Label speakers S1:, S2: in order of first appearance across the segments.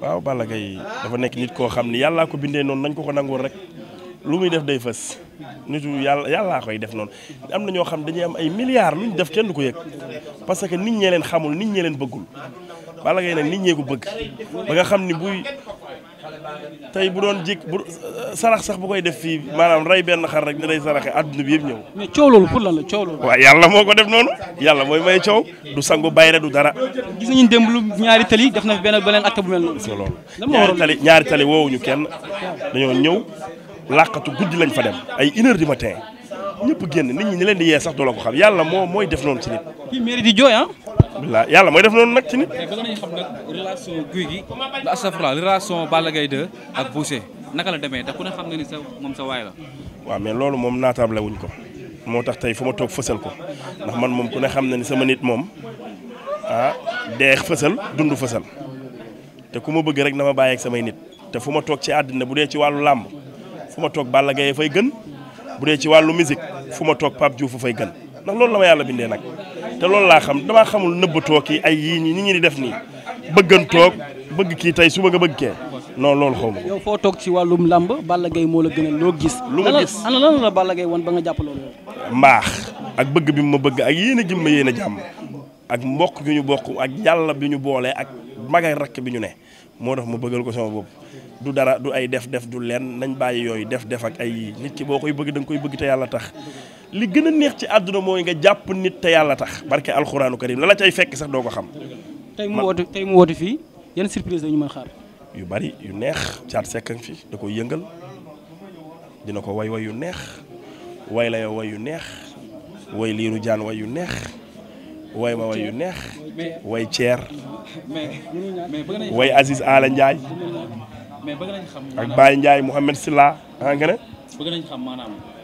S1: waaw Balla Gaye dafa nekk nit koo xam ni yàllaa ko bindee noonu nañ ko ko nangul rek lu muy def day fës nitu yàlla yàllaa koy def noonu am na ñoo xam dañuy am ay milliards luñ def kenn du ko yëg parce que nit ñee leen xamul nit ñee leen bëggul Balla Gaye nag nit ñee ko bëgg ba nga xam ni buy tey bu doon jik bu sarax sax bu koy def fii maanaam rey benn xar rek ni day saraxe àdduna bi yëpp ñëw. mais coow loolu la coow loolu. waaw yàlla moo ko def noonu yàlla mooy may coow du sangu bayre du dara. gis nañu démb lu ñaari tali def na fi benn beneen acte bu mel noonu. ñaari tali ñaari tali woowuñu kenn dañoo ñëw làqatu guddi lañ fa dem ay une heure du matin ñëpp génn nit ñi ni leen di yee sax du la ko xam yàlla moo mooy def noonu ci nit. bilaay yàlla mooy def noonu nag ci nit.
S2: tey bëgg nañu xam nag relation guy gi. astafurlah relation Balla Gaye 2 ak Boucher naka la demee te ku ne xam nga ni sa moom sa waay la.
S1: waaw mais loolu moom naataable wuñ ko moo tax tey fu ma toog fësal ko ndax man moom ku ne xam na ni sama nit moom ah deex fësal dund fësal te ku ma bëgg rek na ma bàyyi samay nit te fu ma toog ci àddina bu dee ci wàllu làmb fu ma toog Balla Gaye fay gën bu dee ci wàllu musique fu ma toog Pape Diouf fay gën ndax loolu la yàlla bindee nag. te loolu laa xam damaa xamul nëbbatoo kii ay yii ñi ñi di def nii bëggantoog bëgg kii tey su bëgg a bëgg ke noonu loolu xaw ma. yow foo toog ci wàllum làmb Balla Gaye moo la gën a loo gis. lu ma gis
S2: ana woon ba nga jàpp
S1: mbaax ak bëgg bi mu ma bëgg ak yéen a jëm ma yéen a jàmm ak mbokk bi ñu bokk ak yàlla bi ñu boole ak mag ak rakk bi ñu ne moo tax ma bëggal ko sama bopp. du dara du ay def def du leen nañ bàyyi yooyu def def ak ay nit ci boo koy bëgg danga koy bëgg te yàlla tax li gën a neex ci àdduna mooy nga jàpp nit te yàlla tax barke alxuraanu karim la la cay fekk sax doo ko xam. tey mu woote tey mu woote fii yan surprise ñu mën xaar. yu bari yu neex caat sekkan fi da koy yëngal dina ko way way yu neex way la yow yu neex way liiru jaan way yu neex way ma way yu neex way ceer
S2: way Aziz Ala Ndiaye ak Baye Ndiaye
S1: Mouhamed Silla ah nga ne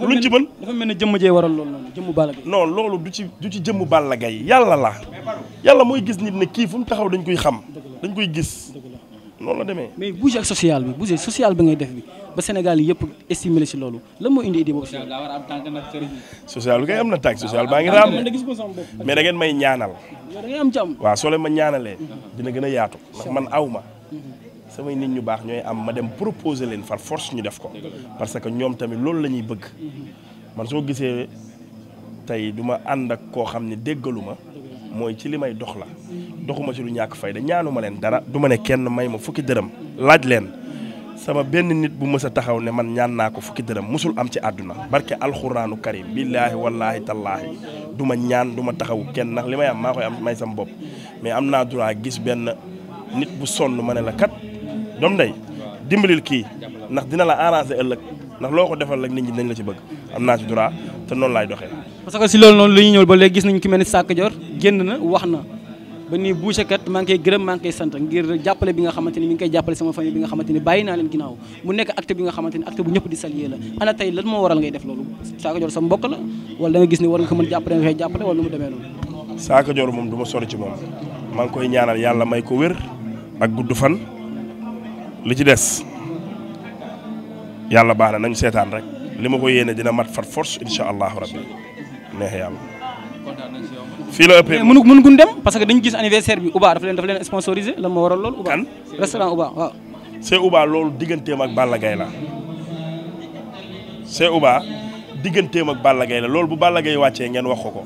S1: luñ ci mën dafa mel ne jëmm jee waral loolu noonu jëmmu Balla Gaye loolu du ci du ci jëmmu Balla Gaye yàlla la yàlla mooy gis nit ne kii fu mu taxaw dañ koy xam dañ koy gis noonu
S2: la demee mais bouger ak social bi bouger social bi ngay def bi ba Sénégal yi yëpp estimé si loolu
S1: lan moo indi idée boobu si social bi kay am na tànk social baa ngi raam mais da ngeen may ñaanal
S2: da ngay am
S1: waaw soo leen ma ñaanalee dina gën a yaatu man aw ma mhm. samay nit ñu baax ñooy am ma dem proposer leen far force ñu def ko parce que ñoom tamit loolu lañuy bëgg man soo gisee tey du ma ànd ak koo xam ne déggalu ma mooy ci li may dox la doxuma ci lu ñàkk fayda ñaanu leen dara du ma ne kenn may ma fukki dërëm laaj leen sama benn nit bu mës a taxaw ne man ñaan naa ko fukki dërëm mosul am ci àdduna barke alxuraanu karim billaahi wallaahi tallaahi du ma ñaan du ma taxaw kenn ndax li may am maa koy am may sama bopp mais am naa droit gis benn nit bu sonn ma ne la kat doom day dimbalil kii ndax dina la arranger ëllëg ndax loo ko defal rek nit la am naa ci droit te noonu laay doxee.
S2: parce que si li ñu ñëw ba léegi gis nañu ki mel ni Sakho Dior génn na wax na ba nii Boucher maa ngi koy gërëm maa ngi koy sant ngir jàppale bi nga xamante ni mi ngi koy jàppale sama famille bi nga xamante ni bàyyi naa leen ginnaaw mu nekk acte bi nga xamante ni acte bu ñëpp di saluer la ana tey lan moo waral
S1: ngay def loolu Sakho Dior sa mbokk ko mën jàppale nga koy jàppale wala nu mu demee noonu. Sakho Dior moom du ma ci moom maa ngi koy ñaanal yàlla may ko wér ak gudd fan li ci des yàlla baax na nañ seetaan rek li ma ko yéene dina mat fat force incha allahu rabbi neex yàlla. fii la ëppee mënu mënu
S2: dem parce que dañu gis anniversaire bi Uba dafa leen dafa leen sponsorisé lan moo waral loolu. Uba kan restaurant Uba waaw.
S1: c'est Uba loolu digganteem ak Balla Gaye la c'est Uba digganteem ak Balla Gaye la loolu bu Balla Gaye wàccee ngeen wax ko ko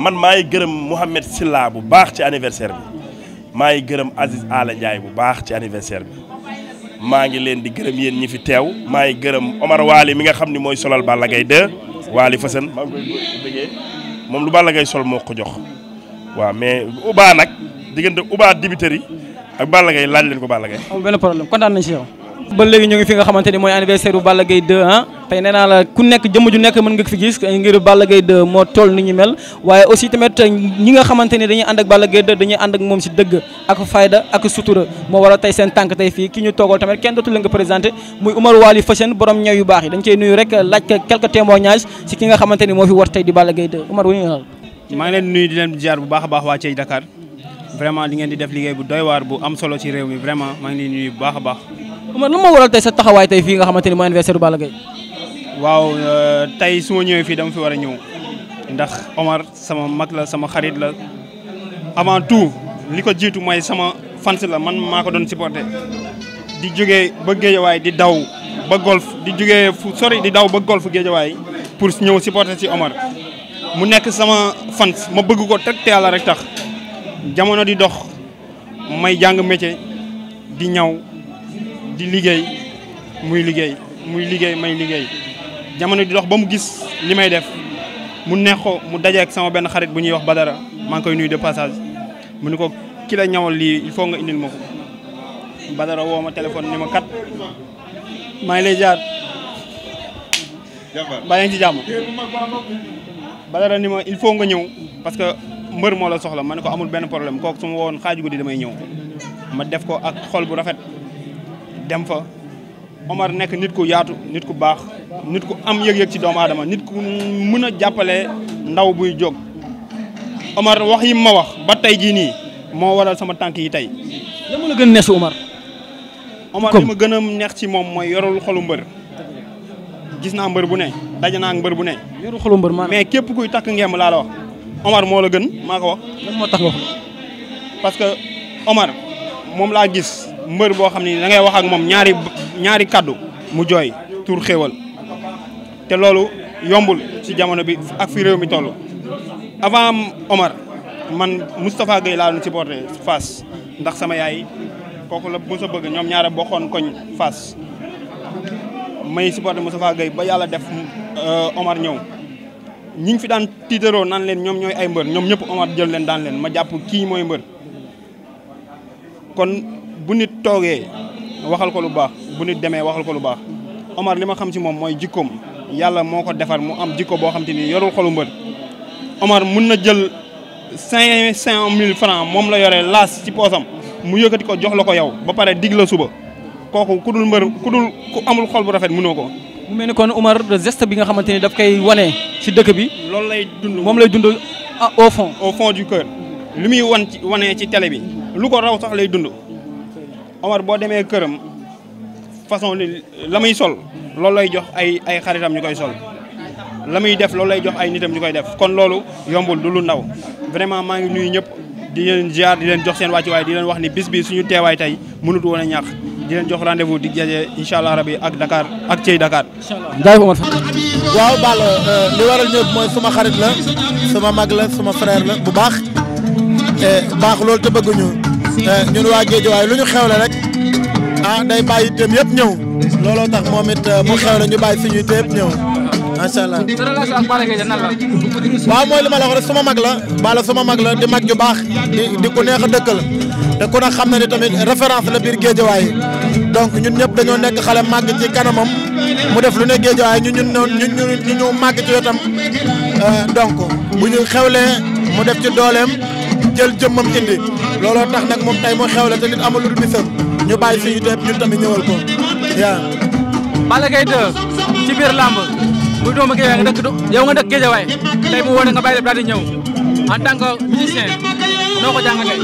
S1: man maa ngi gërëm Mouhamed Silla bu baax ci anniversaire bi maa ngi gërëm Aziz Ala Ndiaye bu baax ci anniversaire bi. maa ngi leen di gërëm yéen ñi fi teew maa ngi gërëm Omar Waly mi nga xam ni mooy solal Balla Gaye 2 Waly Fassane maa ngi moom lu Balla Gaye sol moo ko jox waaw mais Uba nag diggante Uba dibiteri ak Balla Gaye laaj leen ko Balla Gaye. amul benn
S2: problème kontaan nañ si yow. ba legi ñu ngi fi nga xamanteni moy anniversaire bu Balla gay 2 han ah. tay neena la ku nekk jëmm ju nekk mën nga fi gis ngir Balla gay 2 mo toll ni ñu mel waye aussi tamit ñi nga xamanteni dañuy and ak Balla gay 2 dañuy and ak mom ci deug ak fayda ak sutura mo wara tay seen tank tay fi ki ñu togol tamit kenn dootu nga présenter muy Oumar Wali Fassène borom ñew yu bax yi dañ cey nuyu rek laaj ko quelques témoignages ci ki nga xamanteni mo fi war tay di Balla gay 2 Oumar wu ñu
S3: ma ngi leen nuyu di leen jaar bu baax baax wa Thiès Dakar vraiment li ngeen di def liggéey bu doy war bu am solo ci rew mi vraiment ma ngi leen nuyu bu baax baax
S2: Omar lan moo waral tey sa taxawaay tey fii nga xamante ni mooy anniversaire Balla Gaye
S3: waaw euh, tey su ma ñëwee fii dama fi war a ñëw ndax Omar sama mag la sama xarit la avant tout li ko jiitu may sama fans la man maa ko doon supporté di jóge ba géejawaay di daw ba golf di jóge fu sori di daw ba golf géejawaay pour ñëw supporté si Omar mu nekk sama fans ma bëgg ko teg te yàlla rek tax jamono di dox may jàng métier di ñaw di liggéey muy liggéey muy liggéey may liggéey jamono di dox ba gis limay def mu nexo mu mu ak sama ben xarit bu ñuy wax Badara maa ngi koy nuyu de passage mu niko ki la ñawal li il faut nga indil mako Badara woo ma téléphone kat maa lay jaar baa ci jamm Badara ni ma il faut nga ñew parce que mbeur mo la soxla ma ko amul ben problème kok su won xaju gudi damay ñew ma def ko ak xol bu rafet dem fa Omar nek nit ku yaatu nit ku bax nit ku am yeg yeg ci doom adama nit ku meuna a ndaw buy jog Omar wax yi ma wax ba tay ji ni mo waral sama tank yi tay lamu la gën nessu Omar. Omar li ma neex ci mom moy yorul xolu mbër. gis na mbeur bu ne dajana ak mbeur bu ne. yorul xolu mbër maanaam mais képp kuy tak ngemb la la wax Omar mo la gën mako ko wax. lamu tax wax ko. parce que Omar mom la gis mbeur bo xamni ni da ngay wax ak moom ñaari ñaari cadeau mu joy tour xewal té lolu yombul ci jamono bi ak fi rew mi tollu avant Omar man Mustafa Gueye laa doon supporté face ndax sama yaay koku la mos kony bëgg ñom ñaara bokkon koñ face may supporté Moustapha Gueye ba yalla def euh, Omar ñew ñi ngi fi daan titero nan leen ñom ñoy ay mbeur ñom Omar jël leen daan leen ma japp ki moy mbeur kon. bu nit toogee waxal ko lu baax bu nit demee waxal ko lu baax Omar li ma xam ci moom mooy jikkoom yàlla moo ko defar mu am jikko boo xam te ni yorul xolu mbër Omar mun na jël cinq cinq mille francs moom la yore laas ci poosam mu yëkkati ko jox la ko yow ba pare dig la suba
S2: kooku ku dul mbër ku dul ku amul xol bu rafet mënoo ko. mu mel ni kon Omar geste bi nga xamante ni daf koy wane ci dëkk bi. loolu lay dund moom lay dund ah, au fond. au fond du
S3: li muy wan ci wane ci télé bi lu ko raw sax lay dund. Omar boo demee këram façon li la muy sol loolu lay jox ay ay xaritam ñu koy sol la muy def loolu lay jox ay nitam ñu koy def kon loolu yombul du lu ndaw vraiment maa ngi nuyu ñëpp di leen ziar di leen jox seen wàccuwaay di leen wax ni bis bi suñu teewaay tey mënut woon a ñàkk di leen jox rendez-vous di jaje incha allah rabi ak Dakar ak Thiey Dakar. incha allah waaw
S4: Balla euh, li waral ñëpp mooy xarit la suma mag la suma frère bu baax eh, baax loolu te bëgguñu. ñun waa Géejawaay lu ñu xewle rek ah day bàyyi itam yëpp ñëw looloo tax moom it mu xewle ñu bàyyi suñuy itam yëpp ñëw macha allah. waaw mooy li ma la wax rek suma mag la Balla suma mag la di mag ju baax di ku neex a dëkk la te ku ne xam na ni tamit référence la biir Géejawaay donc ñun ñëpp dañoo nekk xale màgg ci kanamam mu def lu ne Géejawaay ñu ñun ñu ñu ñu ñu màgg ci wetam euh, donc bu ñu xewlee mu def ci dooleem. jël jëmmam indi looloo tax nag moom tey moo xewle te nit amul lu misam ñu bàyyi fii te ñun tamit ñëwal ko yaa Balla Gaye 2 ci biir làmb muy
S2: doomu Géejawaay nga dëkk yow nga dëkk Géejawaay tey mu wone nga bàyyi daal di ñëw en tant que musicien noo ko jàngatee.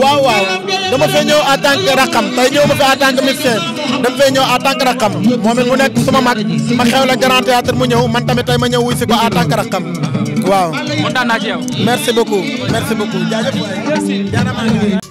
S4: waaw waaw dama fee ñëw a tant que rakam tey ñëw ma fi en tant que musicien dama fee ñëw a tant que rakam moom it mu nekk suma mag ma xewle grand mu ñëw man tamit tey ma ñëw wuy si ko a tant que waaw kontaan naa ci yow. merci beaucoup merci beaucoup jaajëf